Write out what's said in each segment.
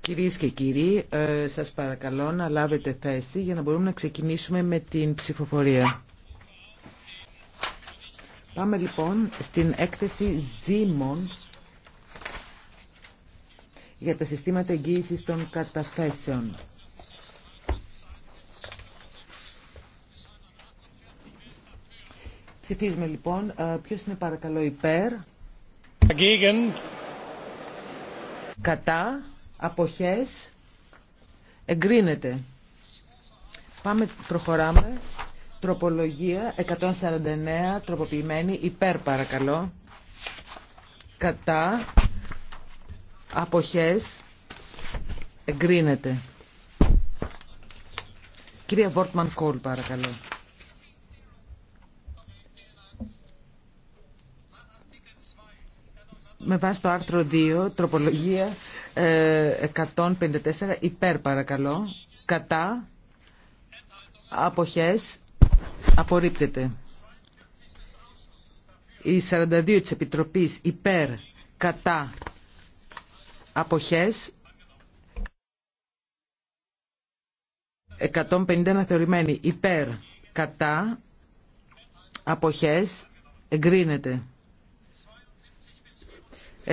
Κυρίες και κύριοι, ε, σας παρακαλώ να λάβετε θέση για να μπορούμε να ξεκινήσουμε με την ψηφοφορία. Πάμε λοιπόν στην έκθεση ζήμων για τα συστήματα εγγύησης των καταθέσεων. Ψηφίζουμε λοιπόν. Ε, ποιο είναι παρακαλώ υπέρ. Dagegen. Κατά. Αποχές. Εγκρίνεται. Πάμε, προχωράμε. Τροπολογία 149, τροποποιημένη, υπέρ παρακαλώ. Κατά, αποχές, εγκρίνεται. Κυρία Βόρτμαν Κόλ παρακαλώ. με βάση το άρθρο 2, τροπολογία 154, ε, υπέρ παρακαλώ, κατά, αποχές, απορρίπτεται. Η 42 της Επιτροπής υπέρ, κατά, αποχές, 151 θεωρημένη υπέρ, κατά, αποχές, εγκρίνεται.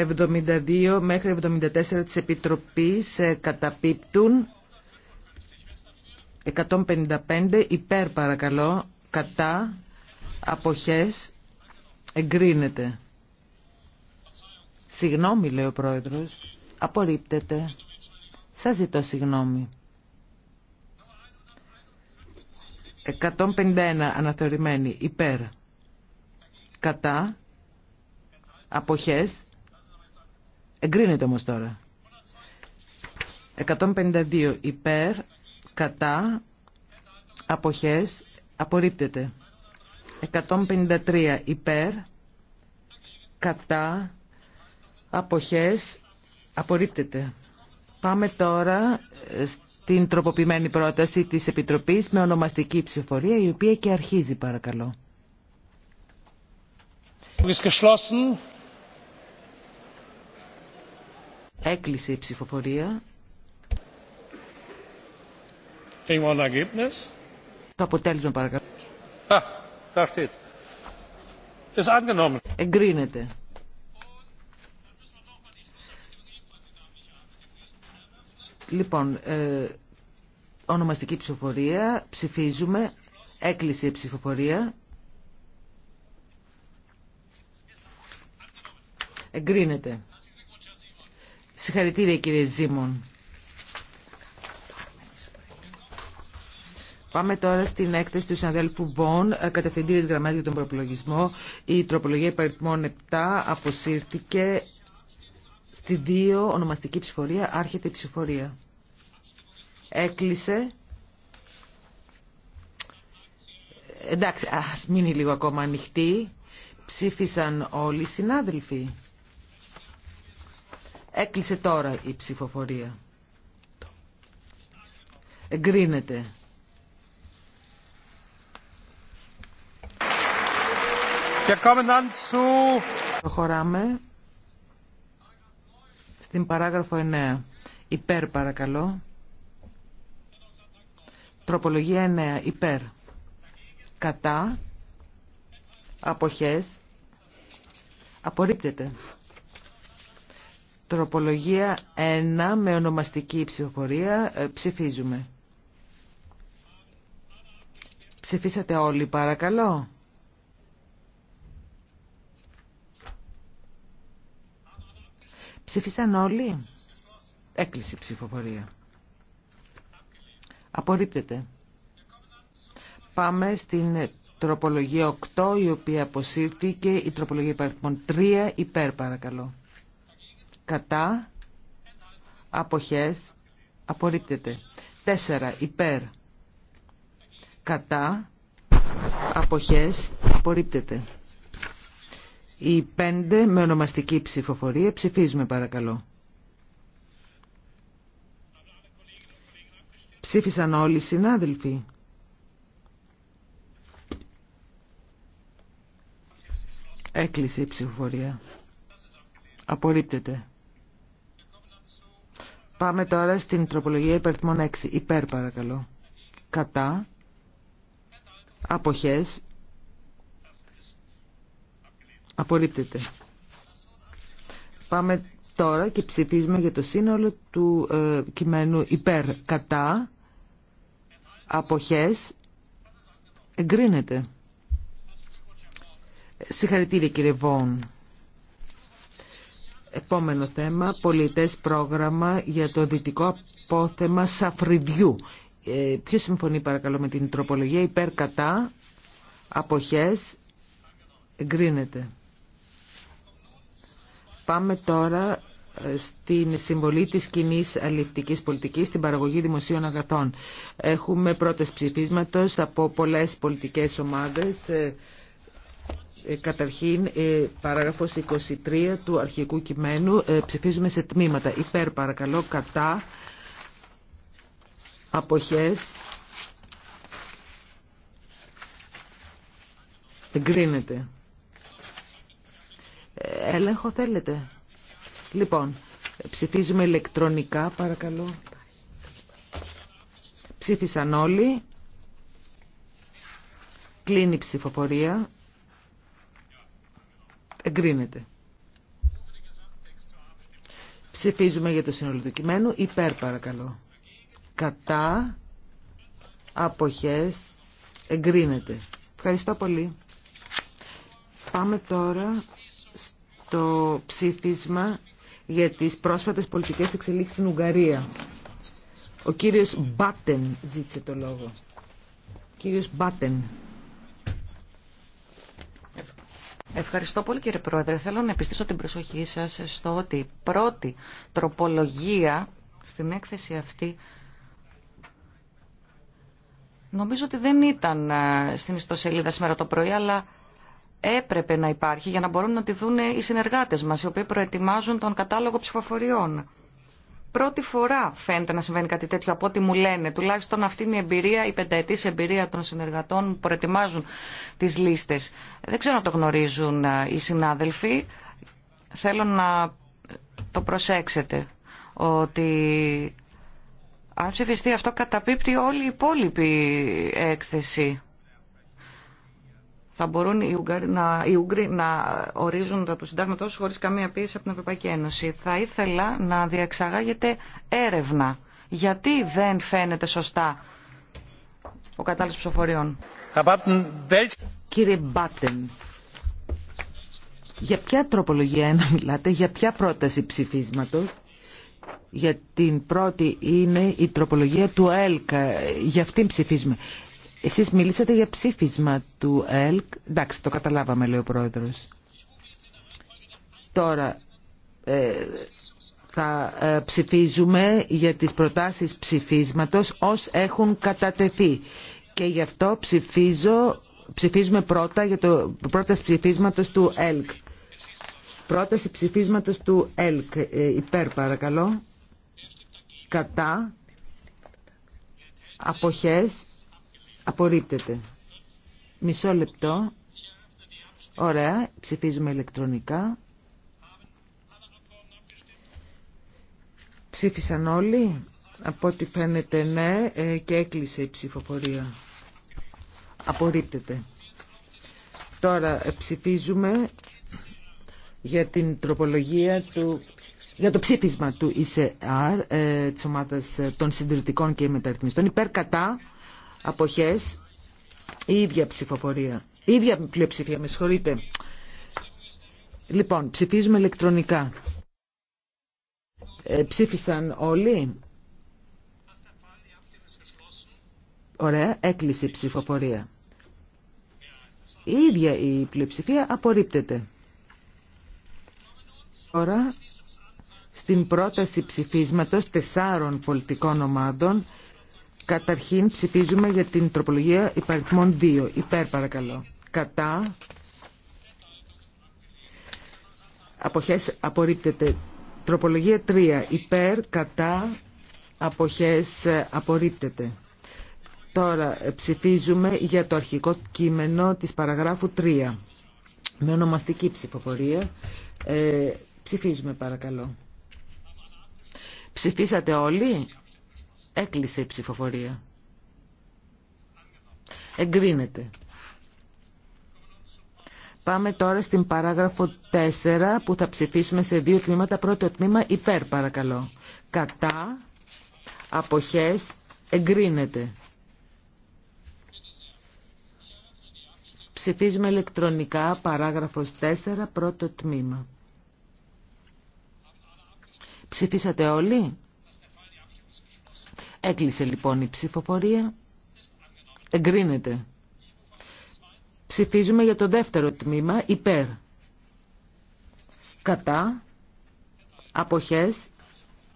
72 μέχρι 74 της Επιτροπής ε, καταπίπτουν 155 υπέρ παρακαλώ κατά αποχές εγκρίνεται Συγγνώμη λέει ο πρόεδρος απορρίπτεται Σας ζητώ συγγνώμη 151 αναθεωρημένη υπέρ κατά αποχές Εγκρίνεται όμως τώρα. 152 υπέρ, κατά, αποχές, απορρίπτεται. 153 υπέρ, κατά, αποχές, απορρίπτεται. Πάμε τώρα ε, στην τροποποιημένη πρόταση της Επιτροπής με ονομαστική ψηφορία, η οποία και αρχίζει παρακαλώ. Έκλεισε η ψηφοφορία. Το αποτέλεσμα παρακαλώ. Α, da Εγκρίνεται. Λοιπόν, ε, ονομαστική ψηφοφορία, ψηφίζουμε, έκλεισε η ψηφοφορία. Εγκρίνεται. Συγχαρητήρια κύριε Ζήμων. Πάμε τώρα στην έκθεση του συναδέλφου Βον, ε, κατευθυντήριε γραμμέ για τον προπολογισμό. Η τροπολογία υπαριθμών 7 αποσύρθηκε στη 2 ονομαστική ψηφορία. Άρχεται η ψηφορία. Έκλεισε. Εντάξει, ας μείνει λίγο ακόμα ανοιχτή. Ψήφισαν όλοι οι συνάδελφοι. Έκλεισε τώρα η ψηφοφορία. Εγκρίνεται. Προχωράμε στην παράγραφο 9. Υπέρ παρακαλώ. Τροπολογία 9. Υπέρ. Κατά. Αποχές. Απορρίπτεται. Τροπολογία 1 με ονομαστική ψηφοφορία. Ε, ψηφίζουμε. Ψηφίσατε όλοι παρακαλώ. Ψήφισαν όλοι. Έκλεισε η ψηφοφορία. Απορρίπτεται. Πάμε στην τροπολογία 8 η οποία αποσύρθηκε. Η τροπολογία υπαριθμών 3 υπέρ παρακαλώ κατά, αποχές, απορρίπτεται. Τέσσερα υπέρ, κατά, αποχές, απορρίπτεται. Οι πέντε με ονομαστική ψηφοφορία ψηφίζουμε παρακαλώ. Ψήφισαν όλοι οι συνάδελφοι. Έκλεισε η ψηφοφορία. Απορρίπτεται. Πάμε τώρα στην τροπολογία υπερθμών 6. Υπέρ παρακαλώ. Κατά. Αποχές. Απορρίπτεται. Πάμε τώρα και ψηφίζουμε για το σύνολο του ε, κειμένου υπέρ κατά αποχές εγκρίνεται. Συγχαρητήρια κύριε Βόν. Επόμενο θέμα, πολιτές πρόγραμμα για το δυτικό απόθεμα Σαφριδιού. Ε, ποιος συμφωνεί παρακαλώ με την τροπολογία υπέρ κατά, αποχές, εγκρίνεται. Πάμε τώρα ε, στην συμβολή της κοινή αληθικής πολιτικής στην παραγωγή δημοσίων αγαθών. Έχουμε πρώτες ψηφίσματος από πολλές πολιτικές ομάδες. Ε, ε, καταρχήν, ε, παράγραφος 23 του αρχικού κειμένου. Ε, ψηφίζουμε σε τμήματα. Υπέρ, παρακαλώ, κατά, αποχές, εγκρίνεται. Έλεγχο θέλετε. Λοιπόν, ψηφίζουμε ηλεκτρονικά, παρακαλώ. Ψήφισαν όλοι. Κλείνει η ψηφοφορία εγκρίνεται. Ψηφίζουμε για το σύνολο του κειμένου. Υπέρ παρακαλώ. Κατά αποχές εγκρίνεται. Ευχαριστώ πολύ. Πάμε τώρα στο ψήφισμα για τις πρόσφατες πολιτικές εξελίξεις στην Ουγγαρία. Ο κύριος Μπάτεν ζήτησε το λόγο. Κύριος Μπάτεν. Ευχαριστώ πολύ κύριε Πρόεδρε. Θέλω να επιστήσω την προσοχή σας στο ότι η πρώτη τροπολογία στην έκθεση αυτή νομίζω ότι δεν ήταν ε, στην ιστοσελίδα σήμερα το πρωί, αλλά έπρεπε να υπάρχει για να μπορούν να τη δουν οι συνεργάτες μας, οι οποίοι προετοιμάζουν τον κατάλογο ψηφοφοριών πρώτη φορά φαίνεται να συμβαίνει κάτι τέτοιο από ό,τι μου λένε. Τουλάχιστον αυτή είναι η εμπειρία, η πενταετής εμπειρία των συνεργατών που προετοιμάζουν τις λίστες. Δεν ξέρω αν το γνωρίζουν ε, οι συνάδελφοι. Θέλω να το προσέξετε ότι αν ψηφιστεί αυτό καταπίπτει όλη η υπόλοιπη έκθεση θα μπορούν οι Ούγγροι να, ορίζουν τα του συντάγματό χωρίς χωρί καμία πίεση από την Ευρωπαϊκή Ένωση. Θα ήθελα να διαξαγάγεται έρευνα. Γιατί δεν φαίνεται σωστά ο κατάλληλο ψηφοφοριών. Κύριε Μπάτεν, για ποια τροπολογία ένα μιλάτε, για ποια πρόταση ψηφίσματος. Για την πρώτη είναι η τροπολογία του ΕΛΚΑ, ε, για αυτήν ψηφίζουμε. Εσείς μίλησατε για ψήφισμα του ΕΛΚ. Εντάξει, το καταλάβαμε, λέει ο Πρόεδρος. Τώρα, ε, θα ε, ψηφίζουμε για τις προτάσεις ψηφίσματος ως έχουν κατατεθεί. Και γι' αυτό ψηφίζω, ψηφίζουμε πρώτα για το πρόταση ψηφίσματος του ΕΛΚ. Πρόταση ψηφίσματος του ΕΛΚ. Ε, υπέρ παρακαλώ. Κατά. Αποχές. Απορρίπτεται. Μισό λεπτό. Ωραία. Ψηφίζουμε ηλεκτρονικά. Ψήφισαν όλοι. Από ό,τι φαίνεται ναι ε, και έκλεισε η ψηφοφορία. Απορρίπτεται. Τώρα ε, ψηφίζουμε για την τροπολογία του, για το ψήφισμα του ΙΣΕΑΡ ε, της ομάδας ε, των συντηρητικών και μεταρρυθμιστών υπέρ κατά αποχές η ίδια ψηφοφορία, η ίδια πλειοψηφία, με συγχωρείτε. Λοιπόν, ψηφίζουμε ηλεκτρονικά. Ε, ψήφισαν όλοι. Ωραία, έκλεισε η ψηφοφορία. Η ίδια η πλειοψηφία απορρίπτεται. Τώρα, στην πρόταση ψηφίσματος τεσσάρων πολιτικών ομάδων, Καταρχήν ψηφίζουμε για την τροπολογία υπαριθμών 2. Υπέρ παρακαλώ. Κατά. Αποχές απορρίπτεται. Τροπολογία 3. Υπέρ, κατά, αποχές ε, απορρίπτεται. Τώρα ε, ψηφίζουμε για το αρχικό κείμενο της παραγράφου 3. Με ονομαστική ψηφοφορία. Ε, ψηφίζουμε παρακαλώ. Ψηφίσατε όλοι. Έκλεισε η ψηφοφορία. Εγκρίνεται. Πάμε τώρα στην παράγραφο 4 που θα ψηφίσουμε σε δύο τμήματα. Πρώτο τμήμα υπέρ παρακαλώ. Κατά, αποχές, εγκρίνεται. Ψηφίζουμε ηλεκτρονικά παράγραφος 4 πρώτο τμήμα. Ψηφίσατε όλοι. Έκλεισε λοιπόν η ψηφοφορία. Εγκρίνεται. Ψηφίζουμε για το δεύτερο τμήμα υπέρ. Κατά. Αποχές.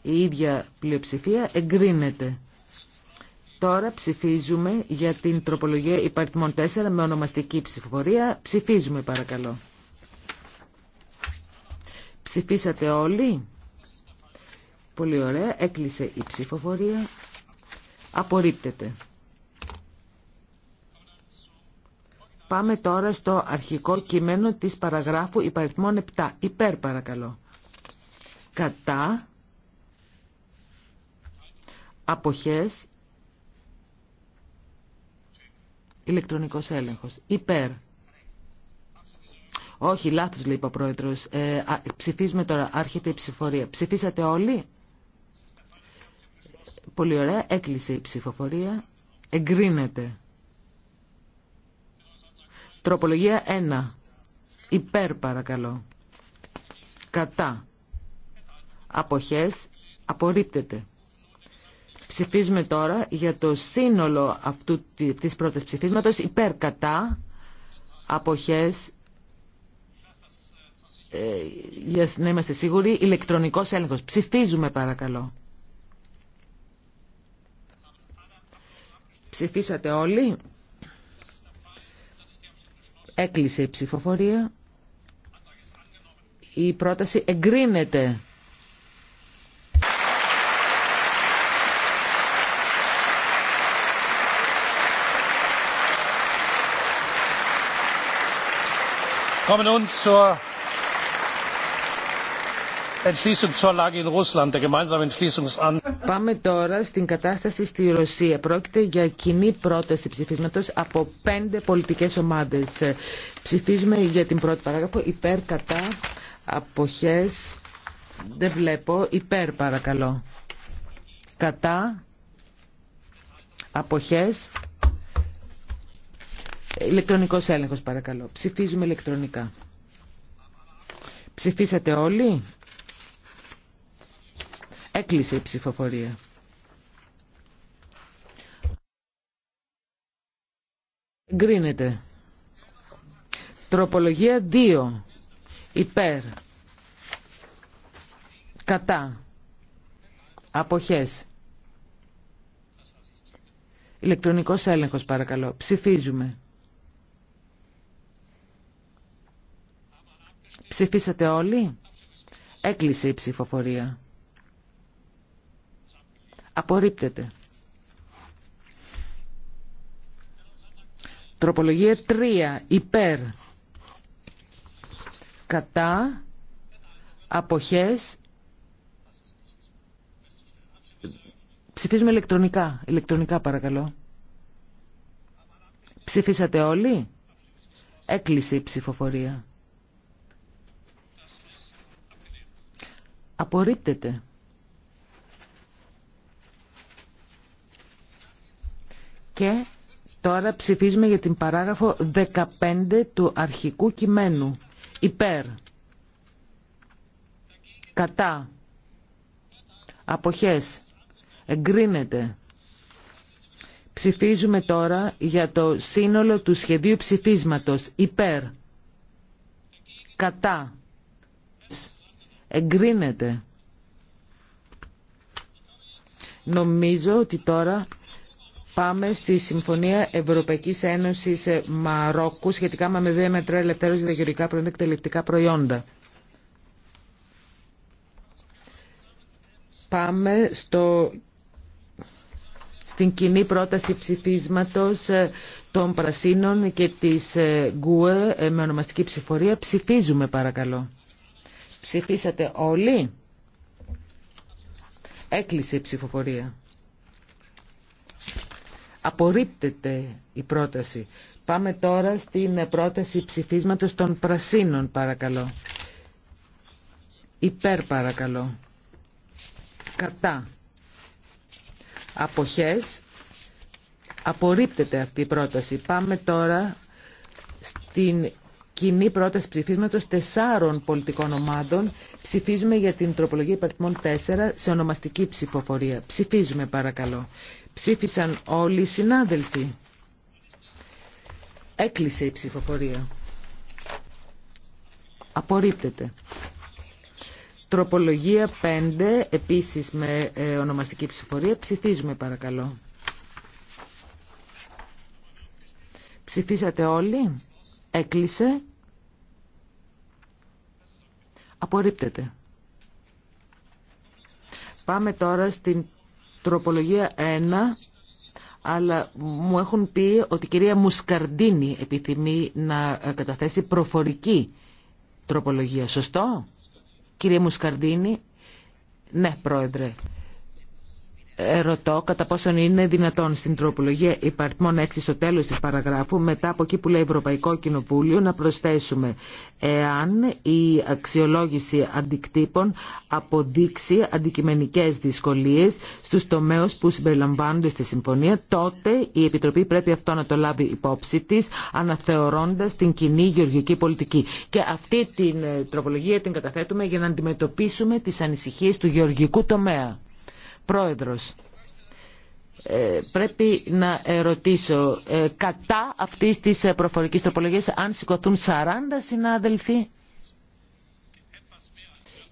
Η ίδια πλειοψηφία εγκρίνεται. Τώρα ψηφίζουμε για την τροπολογία υπαρτιμών 4 με ονομαστική ψηφοφορία. Ψηφίζουμε παρακαλώ. Ψηφίσατε όλοι. Πολύ ωραία. Έκλεισε η ψηφοφορία. Απορρίπτεται. Πάμε τώρα στο αρχικό κείμενο της παραγράφου υπαριθμών 7. Υπέρ παρακαλώ. Κατά αποχές ηλεκτρονικός έλεγχος. Υπέρ. Όχι, λάθος λέει ο πρόεδρος. Ε, ψηφίζουμε τώρα. Άρχεται η ψηφορία. Ψηφίσατε όλοι. Πολύ ωραία. Έκλεισε η ψηφοφορία. Εγκρίνεται. Τροπολογία 1. Υπέρ παρακαλώ. Κατά. Αποχές. Απορρίπτεται. Ψηφίζουμε τώρα για το σύνολο αυτού της πρώτης ψηφίσματος υπέρ κατά αποχές ε, για να είμαστε σίγουροι ηλεκτρονικός έλεγχος. Ψηφίζουμε παρακαλώ. Ψηφίσατε όλοι. Έκλεισε η ψηφοφορία. Η πρόταση εγκρίνεται. Kommen nun Πάμε τώρα στην κατάσταση στη Ρωσία. Πρόκειται για κοινή πρόταση ψηφίσματος από πέντε πολιτικές ομάδες. Ψηφίζουμε για την πρώτη παράγραφο υπέρ κατά αποχές. Δεν βλέπω. Υπέρ παρακαλώ. Κατά αποχές. Ηλεκτρονικός έλεγχος παρακαλώ. Ψηφίζουμε ηλεκτρονικά. Ψηφίσατε όλοι. Έκλεισε η ψηφοφορία. Εγκρίνεται. Τροπολογία 2. Υπέρ. Κατά. Αποχές. Ηλεκτρονικός έλεγχος παρακαλώ. Ψηφίζουμε. Ψηφίσατε όλοι. Έκλεισε η ψηφοφορία. Απορρίπτεται. Τροπολογία 3. Υπέρ. Κατά. Αποχές. Ψηφίζουμε ηλεκτρονικά. Ηλεκτρονικά παρακαλώ. Ψηφίσατε όλοι. Έκλεισε η ψηφοφορία. Απορρίπτεται. Και τώρα ψηφίζουμε για την παράγραφο 15 του αρχικού κειμένου. Υπέρ. Κατά. Αποχές. Εγκρίνεται. Ψηφίζουμε τώρα για το σύνολο του σχεδίου ψηφίσματος. Υπέρ. Κατά. Εγκρίνεται. Νομίζω ότι τώρα Πάμε στη Συμφωνία Ευρωπαϊκής Ένωσης ε, Μαρόκου σχετικά με δύο μετρά ελευθέρωση για γεωργικά προϊόντα και προϊόντα. Πάμε στο... στην κοινή πρόταση ψηφίσματος ε, των Πρασίνων και της ε, Γκουε με ονομαστική ψηφορία. Ψηφίζουμε παρακαλώ. Ψηφίσατε όλοι. Έκλεισε η ψηφοφορία. Απορρίπτεται η πρόταση. Πάμε τώρα στην πρόταση ψηφίσματος των πρασίνων παρακαλώ. Υπέρ παρακαλώ. Κατά. Αποχές. Απορρίπτεται αυτή η πρόταση. Πάμε τώρα στην κοινή πρόταση ψηφίσματος τεσσάρων πολιτικών ομάδων. Ψηφίζουμε για την τροπολογία υπαρτιμών 4 σε ονομαστική ψηφοφορία. Ψηφίζουμε παρακαλώ. Ψήφισαν όλοι οι συνάδελφοι. Έκλεισε η ψηφοφορία. Απορρίπτεται. Τροπολογία 5, επίσης με ε, ονομαστική ψηφοφορία. Ψηφίζουμε παρακαλώ. Ψηφίσατε όλοι. Έκλεισε. Απορρίπτεται. Πάμε τώρα στην τροπολογία 1 αλλά μου έχουν πει ότι η κυρία Μουσκαρντίνη επιθυμεί να καταθέσει προφορική τροπολογία. Σωστό, κυρία Μουσκαρδίνη. Ναι, πρόεδρε ρωτώ κατά πόσον είναι δυνατόν στην τροπολογία υπαρτμών 6 στο τέλος της παραγράφου μετά από εκεί που λέει Ευρωπαϊκό Κοινοβούλιο να προσθέσουμε εάν η αξιολόγηση αντικτύπων αποδείξει αντικειμενικές δυσκολίες στους τομέους που συμπεριλαμβάνονται στη συμφωνία τότε η Επιτροπή πρέπει αυτό να το λάβει υπόψη της αναθεωρώντας την κοινή γεωργική πολιτική και αυτή την ε, τροπολογία την καταθέτουμε για να αντιμετωπίσουμε τις ανησυχίες του γεωργικού τομέα. Πρόεδρος, ε, πρέπει να ερωτήσω ε, κατά αυτής της ε, προφορικής τροπολογίας αν σηκωθούν 40 συνάδελφοι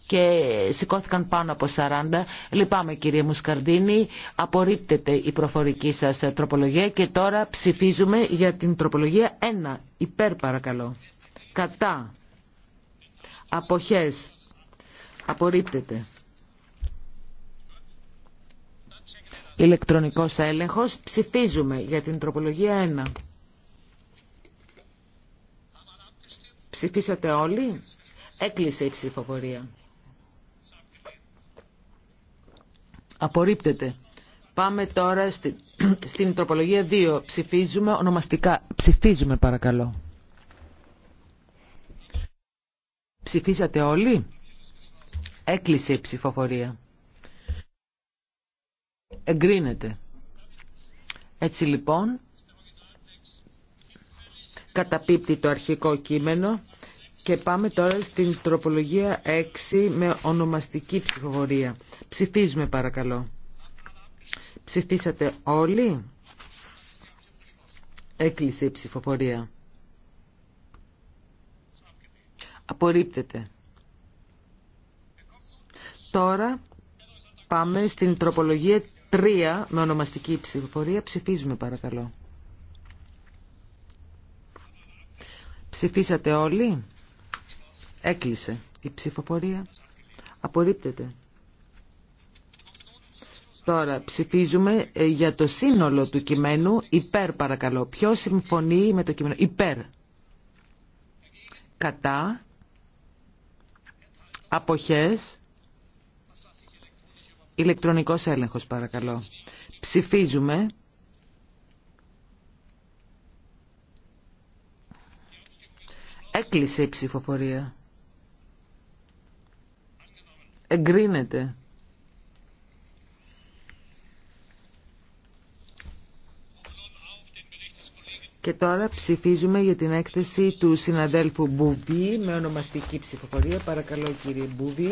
και σηκώθηκαν πάνω από 40. Λυπάμαι κύριε Μουσκαρδίνη, απορρίπτεται η προφορική σας τροπολογία και τώρα ψηφίζουμε για την τροπολογία 1. Υπέρ παρακαλώ. Κατά. Αποχές. Απορρίπτεται. Ηλεκτρονικός έλεγχος. Ψηφίζουμε για την τροπολογία 1. Ψηφίσατε όλοι. Έκλεισε η ψηφοφορία. Απορρίπτεται. Πάμε τώρα στην τροπολογία 2. Ψηφίζουμε ονομαστικά. Ψηφίζουμε παρακαλώ. Ψηφίσατε όλοι. Έκλεισε η ψηφοφορία. Εγκρίνεται. Έτσι λοιπόν, καταπίπτει το αρχικό κείμενο και πάμε τώρα στην τροπολογία 6 με ονομαστική ψηφοφορία. Ψηφίζουμε παρακαλώ. Ψηφίσατε όλοι. Έκλεισε η ψηφοφορία. Απορρίπτεται. Τώρα πάμε στην τροπολογία Τρία με ονομαστική ψηφοφορία. Ψηφίζουμε παρακαλώ. Ψηφίσατε όλοι. Έκλεισε η ψηφοφορία. Απορρίπτεται. Τώρα ψηφίζουμε ε, για το σύνολο του κειμένου υπέρ παρακαλώ. Ποιος συμφωνεί με το κείμενο υπέρ. Κατά. Αποχές. Ηλεκτρονικός έλεγχος παρακαλώ. Ψηφίζουμε. Έκλεισε η ψηφοφορία. Εγκρίνεται. Και τώρα ψηφίζουμε για την έκθεση του συναδέλφου Μπουβί με ονομαστική ψηφοφορία. Παρακαλώ κύριε Μπουβί.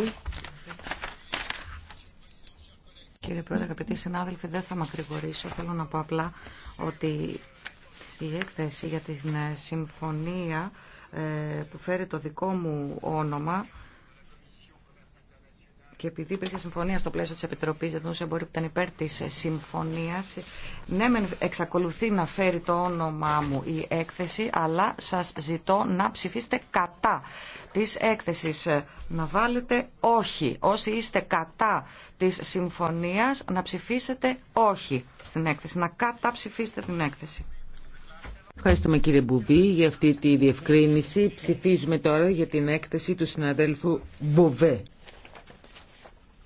Κύριε Πρόεδρε, αγαπητοί συνάδελφοι, δεν θα μακρηγορήσω. Θέλω να πω απλά ότι η έκθεση για την ε, συμφωνία ε, που φέρει το δικό μου όνομα και επειδή υπήρχε συμφωνία στο πλαίσιο τη Επιτροπή δεν Εμπορίου που ήταν υπέρ τη συμφωνία, ναι, εξακολουθεί να φέρει το όνομά μου η έκθεση, αλλά σα ζητώ να ψηφίσετε κατά τη έκθεση. Να βάλετε όχι. Όσοι είστε κατά τη συμφωνία, να ψηφίσετε όχι στην έκθεση. Να καταψηφίσετε την έκθεση. Ευχαριστούμε κύριε Μπουβή για αυτή τη διευκρίνηση. Ψηφίζουμε τώρα για την έκθεση του συναδέλφου Μπουβέ.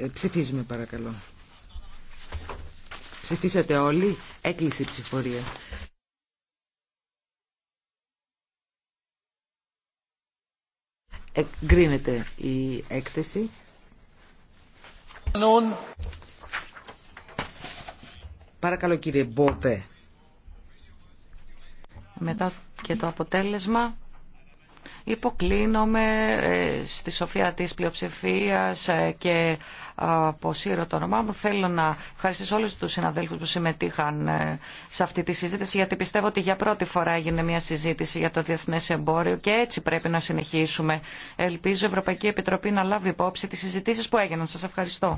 Ε, ψηφίζουμε παρακαλώ. Ψηφίσατε όλοι. Έκλεισε η ψηφορία. Εγκρίνεται η έκθεση. Παρακαλώ κύριε Μπόβε. Μετά και το αποτέλεσμα υποκλίνομαι ε, στη σοφία της πλειοψηφίας ε, και αποσύρω το όνομά μου. Θέλω να ευχαριστήσω όλους τους συναδέλφους που συμμετείχαν ε, σε αυτή τη συζήτηση γιατί πιστεύω ότι για πρώτη φορά έγινε μια συζήτηση για το διεθνές εμπόριο και έτσι πρέπει να συνεχίσουμε. Ελπίζω η Ευρωπαϊκή Επιτροπή να λάβει υπόψη τις συζητήσεις που έγιναν. Σας ευχαριστώ.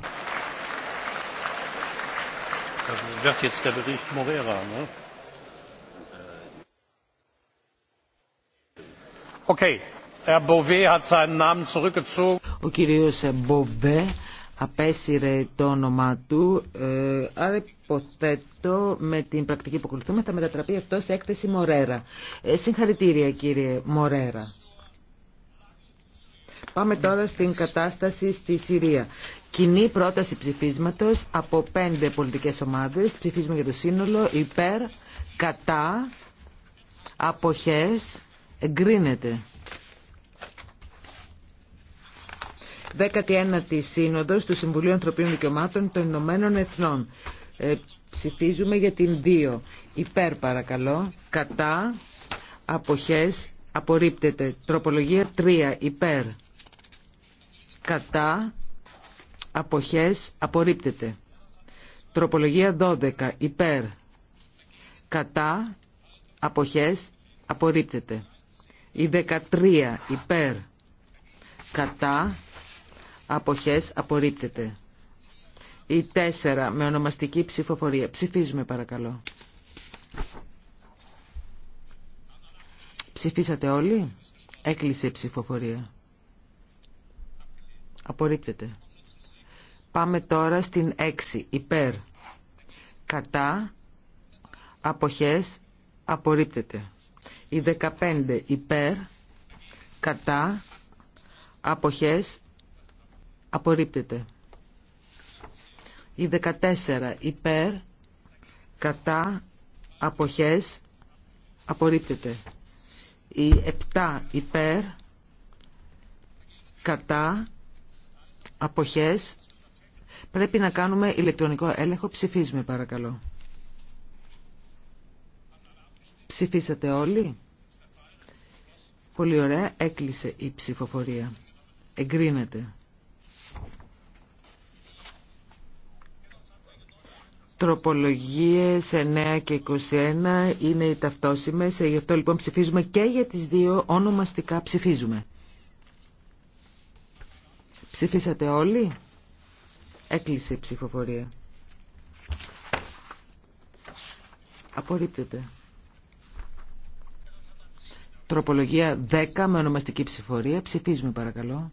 Ο κύριος Μποβέ απέσυρε το όνομα του, ε, άρα υποθέτω με την πρακτική που ακολουθούμε θα μετατραπεί αυτό σε έκθεση Μορέρα. Ε, συγχαρητήρια κύριε Μορέρα. Πάμε τώρα στην κατάσταση στη Συρία. Κοινή πρόταση ψηφίσματος από πέντε πολιτικές ομάδες. Ψηφίζουμε για το σύνολο υπέρ, κατά, αποχές εγκρίνεται. 19η Σύνοδος του Συμβουλίου Ανθρωπίνων Δικαιωμάτων των Ηνωμένων Εθνών. Ε, ψηφίζουμε για την 2. Υπέρ παρακαλώ. Κατά. Αποχές. Απορρίπτεται. Τροπολογία 3. Υπέρ. Κατά. Αποχές. Απορρίπτεται. Τροπολογία 12. Υπέρ. Κατά. Αποχές. Απορρίπτεται. Η 13 υπέρ κατά αποχές απορρίπτεται. Η 4 με ονομαστική ψηφοφορία. Ψηφίζουμε παρακαλώ. Ψηφίσατε όλοι. Έκλεισε η ψηφοφορία. Απορρίπτεται. Πάμε τώρα στην 6. Υπέρ. Κατά. Αποχές. Απορρίπτεται. Οι 15 υπέρ, κατά, αποχές, απορρίπτεται. Οι 14 υπέρ, κατά, αποχές, απορρίπτεται. Οι 7 υπέρ, κατά, αποχές, πρέπει να κάνουμε ηλεκτρονικό έλεγχο. Ψηφίζουμε παρακαλώ. Ψηφίσατε όλοι. Πολύ ωραία. Έκλεισε η ψηφοφορία. Εγκρίνεται. Τροπολογίες 9 και 21 είναι οι ταυτόσημες, ε, γι' αυτό λοιπόν ψηφίζουμε και για τις δύο ονομαστικά ψηφίζουμε. Ψηφίσατε όλοι. Έκλεισε η ψηφοφορία. Απορρίπτεται. Τροπολογία 10 με ονομαστική ψηφορία. Ψηφίζουμε παρακαλώ.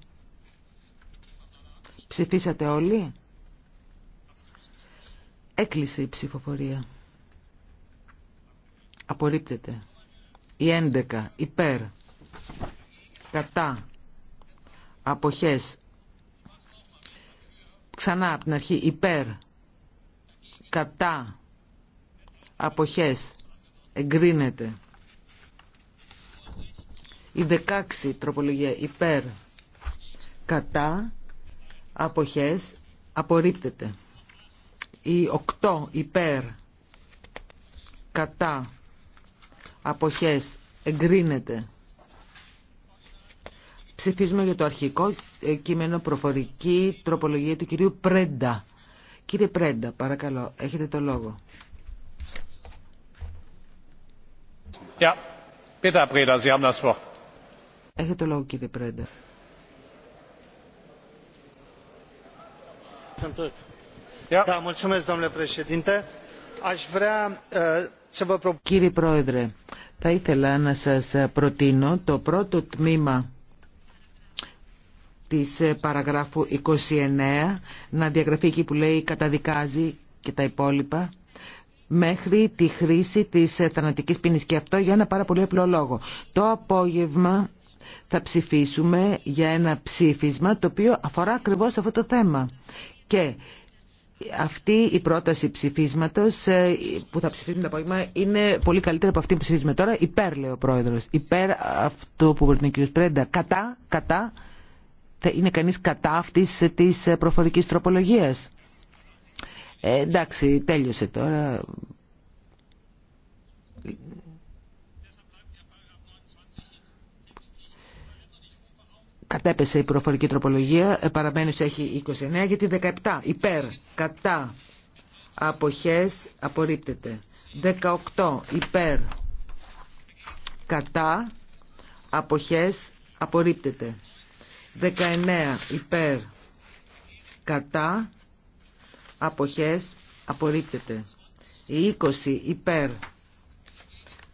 Ψηφίσατε όλοι. Έκλεισε η ψηφοφορία. Απορρίπτεται. Η 11 υπέρ. Κατά. Αποχές. Ξανά από την αρχή υπέρ. Κατά. Αποχές. Εγκρίνεται. Η 16 τροπολογία υπέρ κατά αποχές απορρίπτεται. Η 8 υπέρ κατά αποχές εγκρίνεται. Ψηφίζουμε για το αρχικό ε, κείμενο προφορική τροπολογία του κυρίου Πρέντα. Κύριε Πρέντα, παρακαλώ, έχετε το λόγο. Ja, bitte, Sie haben das Wort. Έχετε λόγο κύριε Πρέντα. Κύριε Πρόεδρε, θα ήθελα να σας uh, προτείνω το πρώτο τμήμα της uh, παραγράφου 29 να διαγραφεί εκεί που λέει καταδικάζει και τα υπόλοιπα μέχρι τη χρήση της uh, θανατικής ποινής και αυτό για ένα πάρα πολύ απλό λόγο. Το απόγευμα θα ψηφίσουμε για ένα ψήφισμα το οποίο αφορά ακριβώς αυτό το θέμα. Και αυτή η πρόταση ψηφίσματος ε, που θα ψηφίσουμε το απόγευμα είναι πολύ καλύτερη από αυτή που ψηφίζουμε τώρα. Υπέρ, λέει ο Πρόεδρος. Υπέρ αυτό που προτείνει ο κ. Πρέντα. Κατά, κατά. είναι κανείς κατά αυτής της προφορικής τροπολογίας. Ε, εντάξει, τέλειωσε τώρα. κατέπεσε η προφορική τροπολογία, ε, παραμένει έχει 29 γιατί 17 υπέρ, κατά, αποχές, απορρίπτεται. 18 υπέρ, κατά, αποχές, απορρίπτεται. 19 υπέρ, κατά, αποχές, απορρίπτεται. 20 υπέρ,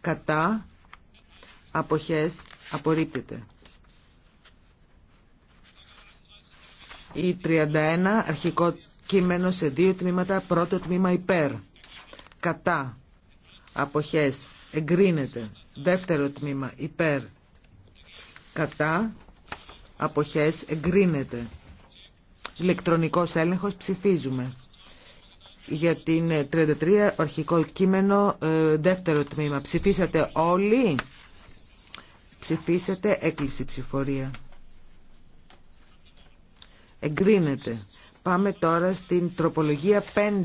κατά, αποχές, απορρίπτεται. Η 31 αρχικό κείμενο σε δύο τμήματα. Πρώτο τμήμα υπέρ. Κατά. Αποχές. Εγκρίνεται. Δεύτερο τμήμα υπέρ. Κατά. Αποχές. Εγκρίνεται. Ηλεκτρονικός έλεγχος ψηφίζουμε. Για την 33 ε, αρχικό κείμενο ε, δεύτερο τμήμα. Ψηφίσατε όλοι. Ψηφίσατε έκλειση ψηφορία. Εγκρίνεται. Πάμε τώρα στην τροπολογία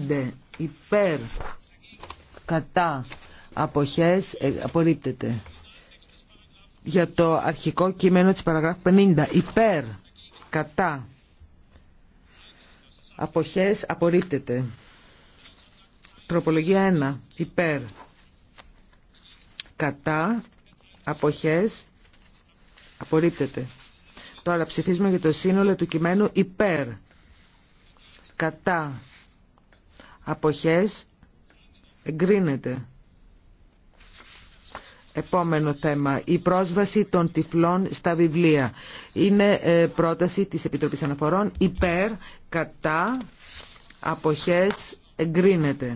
5. Υπέρ. Κατά. Αποχές. Ε, απορρίπτεται. Για το αρχικό κείμενο της παραγράφου 50. Υπέρ. Κατά. Αποχές. Απορρίπτεται. Τροπολογία 1. Υπέρ. Κατά. Αποχές. Απορρίπτεται. Τώρα ψηφίζουμε για το σύνολο του κειμένου υπέρ. Κατά. Αποχές. Εγκρίνεται. Επόμενο θέμα. Η πρόσβαση των τυφλών στα βιβλία. Είναι ε, πρόταση της Επιτροπής Αναφορών. Υπέρ. Κατά. Αποχές. Εγκρίνεται.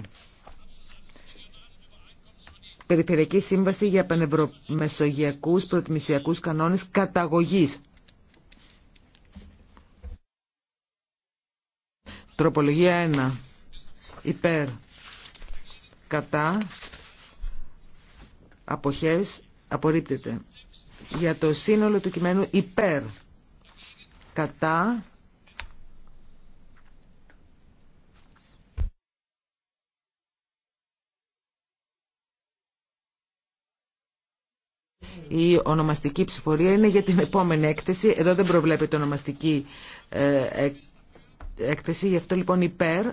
Περιφερειακή Σύμβαση για Πανευρομεσογειακούς Προτιμησιακούς Κανόνες Καταγωγής. Τροπολογία 1. Υπέρ. Κατά. Αποχές. Απορρίπτεται. Για το σύνολο του κειμένου υπέρ. Κατά. Η ονομαστική ψηφορία είναι για την επόμενη έκθεση. Εδώ δεν προβλέπεται ονομαστική ε, έκθεση. Γι' αυτό λοιπόν υπέρ,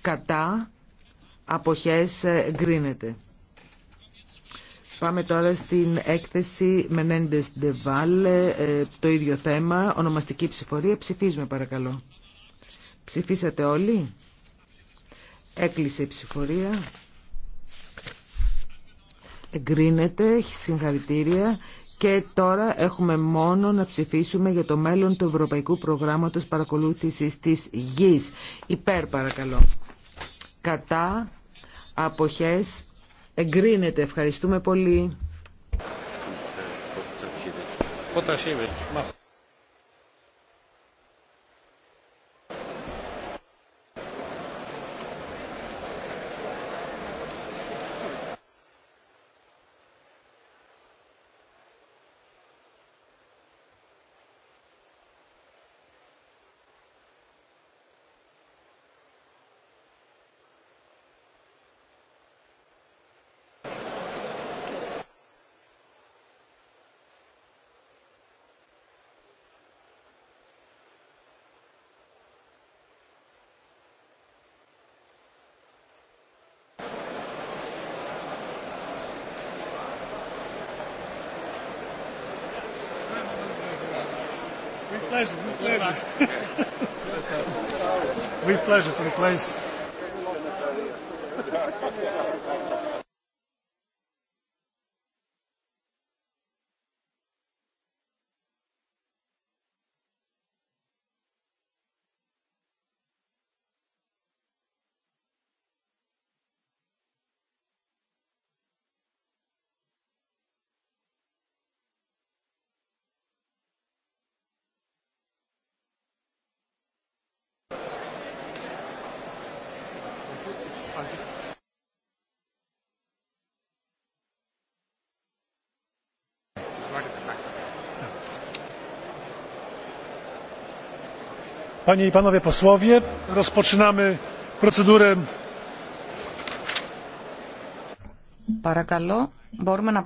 κατά, αποχές εγκρίνεται. Πάμε τώρα στην έκθεση Μενέντες Valle, ε, το ίδιο θέμα, ονομαστική ψηφορία. Ψηφίζουμε παρακαλώ. Ψηφίσατε όλοι. Έκλεισε η ψηφορία. Εγκρίνεται, συγχαρητήρια. Και τώρα έχουμε μόνο να ψηφίσουμε για το μέλλον του Ευρωπαϊκού Προγράμματος Παρακολούθησης της Γης. Υπέρ παρακαλώ. Κατά αποχές εγκρίνεται. Ευχαριστούμε πολύ. With pleasure, with pleasure. with pleasure, with pleasure. Panie i Panowie Posłowie, rozpoczynamy procedurę. Παρακαλώ, μπορούμε